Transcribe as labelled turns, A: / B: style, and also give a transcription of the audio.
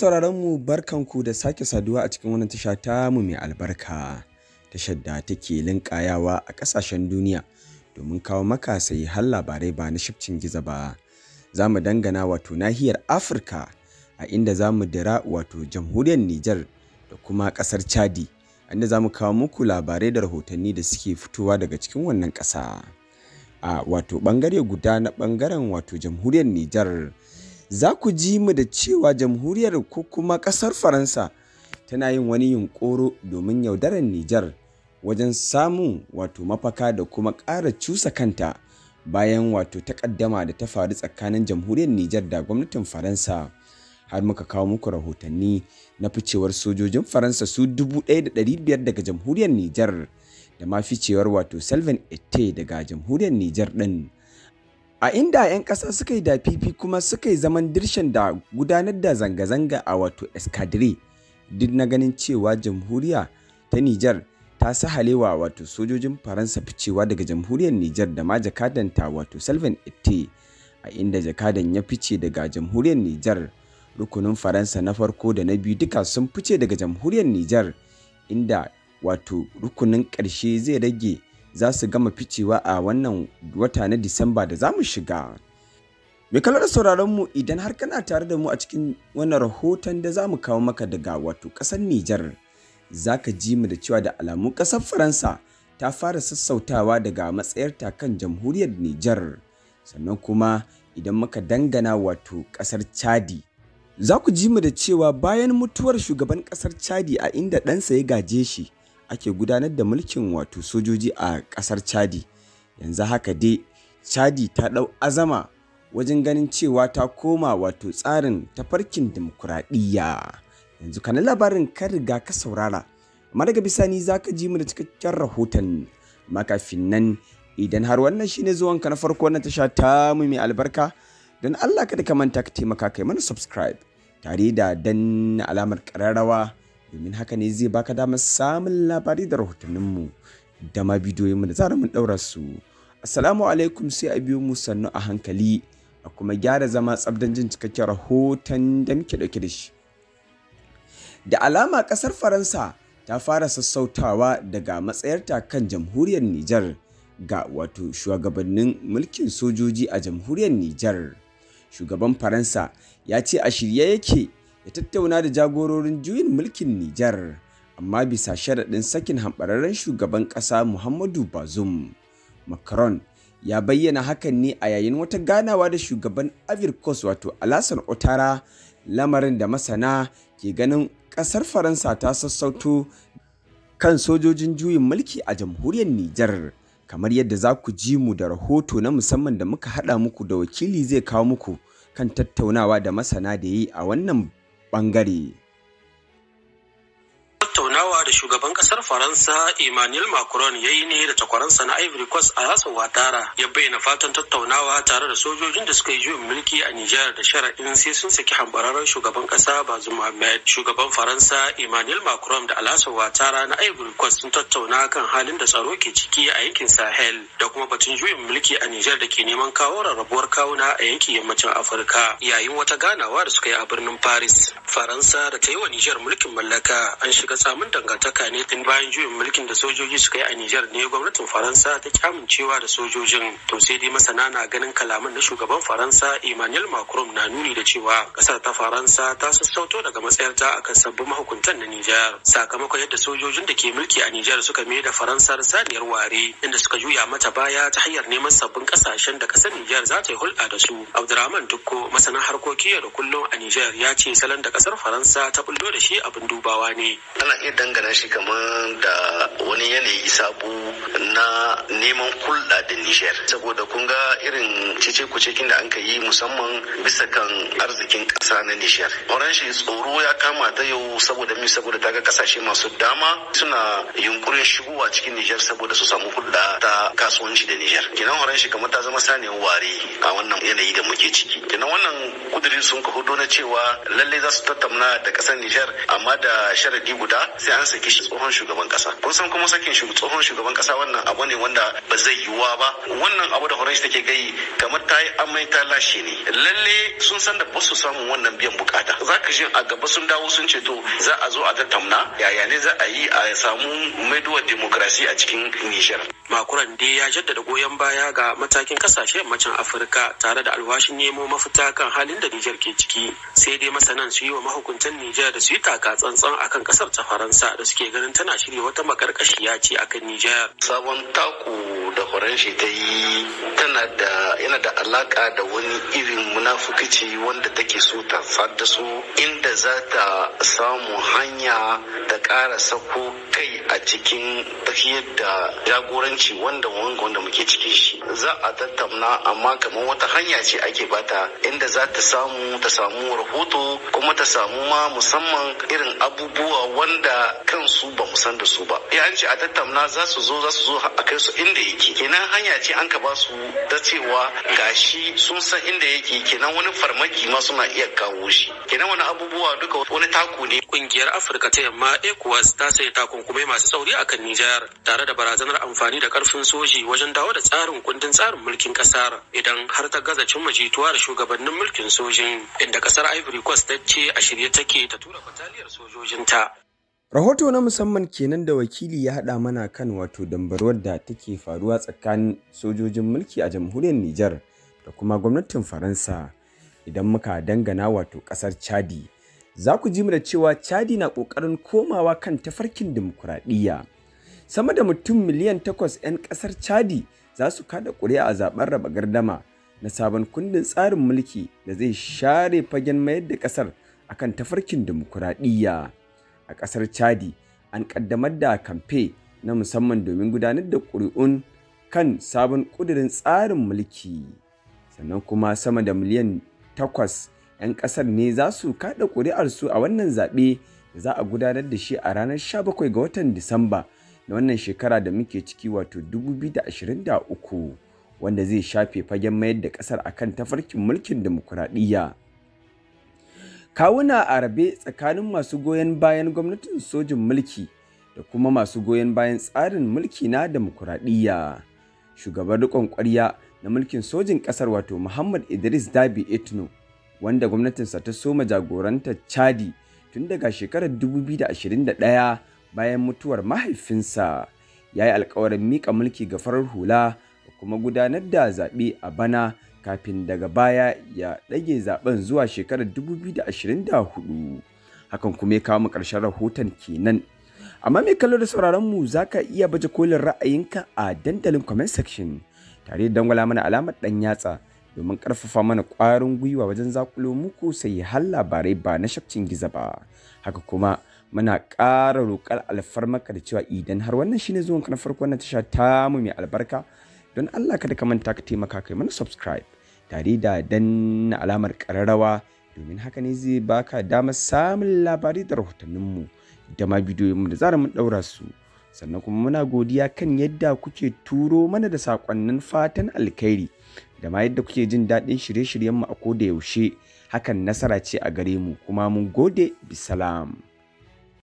A: sauraron mu barkanku da sake saduwa a cikin wannan tasha ta mu mai albarka. Tashar da take linkayawa a ƙasashen duniya domin kawo maka sai har labarai ba na shifcin giza ba. Za mu dangana wato nahiyar Afirka a inda za mu dira wato jamhuriyar Nijar da kuma ƙasar Chadi. inda za mu kawo muku labarai da rahotanni da suke fitowa daga cikin wannan ƙasa. A wato bangare guda na ɓangaren wato jamhuriyar Nijar za ku ji mu da cewa jamhuriyar ko kuma ƙasar Faransa tana yin wani yunƙoro domin yaudarar Nijar wajen samun wato mafaka da kuma ƙara cusa kanta bayan wato takaddama da ta faru tsakanin jamhuriyar Nijar da gwamnatin Faransa. Har muka kawo muku rahotanni na ficewar sojojin Faransa su 1,500 daga jamhuriyar Nijar da ma ficewar wato Selvin Ette daga jamhuriyar Nijar din. A inda 'yan ƙasa suka yi dafifi kuma suka yi zaman dirshan da gudanar da zanga-zanga a wato escadre duk na ganin cewa jamhuriya ta Nijar ta sahalewa wato sojojin Faransa ficewa daga jamhuriyar Nijar da ma jakadanta wato Salvin Ette a inda jakadan ya fice daga jamhuriyar Nijar rukunin Faransa na farko da na biyu duka sun fice daga jamhuriyar Nijar inda wato rukunin ƙarshe zai rage za su gama ficewa a wannan wata na Disamba da za mu shiga. Mai kalar sauraron mu idan har kana tare da mu a cikin wannan rahoton da za mu kawo maka daga wato ƙasar Nijar, za ka ji mu da cewa da alamu ƙasar Faransa ta fara sassautawa daga matsayarta kan jamhuriyar Nijar. Sannan kuma idan muka dangana wato ƙasar Chadi. Za ku ji mu da cewa bayan mutuwar shugaban ƙasar Chadi a inda ɗansa ya gaje shi, ake gudanar da mulkin wato sojoji a kasar Chadi. Yanzu haka dai Chadi ta ɗau azama wajen ganin cewa ta koma wato tsarin tafarkin dimokuraɗiyya. Yanzu ka labarin ka riga ka saurara. Amma daga bisani za ka ji mu da cikakken rahoton makafin nan idan har wannan shine ka na farko na tasha ta mu mai albarka don Allah kada ka manta ka taimaka kai mana subscribe tare da danna alamar ƙararrawa domin haka ne zai baka damar samun labari da rahotanninmu da ma bidiyoyinmu da zara mun ɗaura su. Assalamu alaikum sai a biyo mu sannu a hankali a kuma gyara zama tsabdan jin cikakken rahoton da muke dauke da shi. Da alama ƙasar Faransa ta fara sassautawa daga matsayarta kan jamhuriyar Nijar ga wato shugabannin mulkin sojoji a jamhuriyar Nijar. Shugaban Faransa ya ce a shirye yake ya tattauna da jagororin juyin mulkin Nijar, amma bisa sharaɗin sakin hambararren shugaban ƙasa Muhammadu Bazoum. Macron ya bayyana hakan ne a yayin wata ganawa da shugaban Avirkos wato Alassane Ouattara lamarin da masana ke ganin ƙasar Faransa ta sassauto kan sojojin juyin mulki a jamhuriyar Nijar. Kamar yadda za ku ji mu da rahoto na musamman da muka haɗa muku da wakili zai kawo muku kan tattaunawa da masana da yi a wannan ɓangare da shugaban kasar Faransa Emmanuel Macron ya yi ne
B: da takwaransa na Ivory Coast a yasa Watara ya bayyana fatan tattaunawa tare da sojojin da suka yi juyin mulki a Nijar da sharaɗin sai sun saki hambararren shugaban kasa bazu Mohamed. Shugaban Faransa Emmanuel Macron da alasa watara na Ivory Coast sun tattauna kan halin da tsaro ke ciki a yankin Sahel da kuma batun juyin mulki a Nijar da ke neman kawo rarrabuwar kawuna a yankin yammacin Afirka yayin wata ganawa da suka yi a birnin Paris. Faransa da ta yi wa Nijar mulkin mallaka an shiga samun dangantaka dangantaka ne tun bayan juyin mulkin da sojoji suka yi a Nijar ne gwamnatin Faransa ta kyamuncewa da sojojin. To sai dai masana na ganin kalaman na shugaban Faransa Emmanuel Macron na nuni da cewa kasar ta Faransa ta sassauto daga matsayarta akan sabbin mahukuntan na Nijar. Sakamakon yadda sojojin da ke mulki a Nijar suka mai da Faransar saniyar ware inda suka juya
C: mata baya ta hanyar neman sabbin kasashen da kasar Nijar za ta yi hulɗa da su. Abdurrahman Dukko masanin harkoki yau da kullum a Nijar ya ce salon da kasar Faransa ta bullo da shi abin dubawa ne. Ana iya dangana gan shi kamar da wani yanayi sabu na neman kulɗa da Nijar. Saboda kun ga irin cece kucekin da an ka yi musamman bisa kan arzikin ƙasa na Nijar. Horon shi tsoro ya kama ta yau saboda mi saboda ta ga kasashe masu dama suna yunkurin shigowa cikin Nijar saboda su samu hulɗa ta kasuwanci da Nijar. Kenan horon shi kamar ta zama saniyar ware a wannan yanayi da muke ciki. Kenan wannan kudirin sun ka hudo na cewa lalle za su tattauna da ƙasar Nijar amma da sharadi guda sai an saki tsohon shugaban kasa kun san kuma sakin tsohon shugaban kasa wannan abu ne wanda ba zai yiwuwa ba wannan abu da horon take gayi kamar ta yi amai ta lashe ne lalle sun san da ba su samun wannan biyan bukata za ka shi a gaba sun dawo sun ce to za a zo a tattauna yaya ne za a yi a samu maiduwar demokrasi a cikin nijar makuran dai ya jaddada goyon baya ga matakin kasashe yammacin
B: afirka tare da alwashin nemo mafita kan halin da nijar ke ciki sai dai masanan su yi wa mahukuntan nijar da su yi taka tsantsan akan kasar ta faransa da suke ganin tana shirya wata makarkashiya
C: ce akan Nijar. Sabon taku da Faranshi ta yi tana da yana da alaka da wani irin munafukici wanda take so ta da su inda za ta samu hanya da ƙara sako kai a cikin tafiyar da jagoranci wanda wanga wanda muke cikin shi za a tattauna amma kamar wata hanya ce ake bata inda za ta samu ta samu rahoto kuma ta samu ma musamman irin abubuwa wanda su ba mu san da su ba ya an ce a tattauna za su zo za su zo a kai su inda yake kenan hanya ce an ka ba su da cewa gashi sun san inda yake kenan wani farmaki ma suna iya kawo shi kenan wani abubuwa duka wani taku ne kungiyar afirka ta yamma ecowas ta sai takunkumai masu tsauri akan nijar
B: tare da barazanar amfani da karfin soji wajen dawo da tsarin kundin tsarin mulkin kasar idan har ta gaza cimma jituwa
A: da shugabannin mulkin sojin inda kasar ivory coast ta ce a shirye take ta tura bataliyar sojojinta Rahoto na musamman kenan da wakili ya haɗa mana kan wato dambarwar da take faruwa tsakanin sojojin mulki a jamhuriyar Nijar da kuma gwamnatin Faransa idan muka dangana wato ƙasar Chadi. Za ku ji mu da cewa Chadi na ƙoƙarin komawa kan tafarkin dimokuraɗiyya. Sama da mutum miliyan takwas 'yan ƙasar Chadi za su kada ƙuri'a a zaɓen raba gardama na sabon kundin tsarin mulki da zai share fagen mayar da ƙasar akan tafarkin dimokuraɗiyya. a ƙasar Chadi an ƙaddamar da kamfe na musamman domin gudanar da ƙuri'un kan sabon ƙudurin tsarin mulki. Sannan kuma sama da miliyan takwas 'yan ƙasar ne za su kaɗa ƙuri'arsu a wannan zaɓe da za a gudanar da shi a ranar 17 ga watan Disamba na wannan shekara da muke ciki wato 2023 wanda zai shafe fagen mayar da ƙasar akan tafarkin mulkin dimokuraɗiyya. kawuna a rabe tsakanin masu goyon bayan gwamnatin sojin mulki da kuma masu goyon bayan tsarin mulki na demokuraɗiyya shugaban rikon ƙwarya na mulkin sojin ƙasar wato muhammad idris dabi etno wanda gwamnatinsa ta soma jagorantar chadi tun daga shekarar 2021 bayan mutuwar mahaifinsa ya yi alkawarin mika mulki ga farar hula da kuma gudanar da zaɓe a bana kafin daga baya ya ɗage zaben zuwa shekarar 2024 hakan kuma ya kawo mu ƙarshen rahoton kenan amma mai kallo da sauraron mu za ka iya baje kolin ra'ayinka a dandalin comment section tare da dangwala mana alamar ɗan yatsa domin karfafa mana ƙwarin gwiwa wajen zakulo muku sai har labarai ba na shafcin giza ba haka kuma muna ƙara roƙar alfarmaka da cewa idan har wannan shine zuwanka na farko na tasha tamu mai albarka don Allah kada ka manta ka taimaka kai mana subscribe tare da danna alamar ƙararrawa domin haka ne zai baka damar samun labarai da rahotanninmu da ma bidiyoyinmu da zara mun daura su sannan kuma muna godiya kan yadda kuke turo mana da sakonnin fatan alkhairi da ma yadda kuke jin daɗin shirye-shiryenmu a koda yaushe hakan nasara ce a gare mu kuma mun gode bisalam.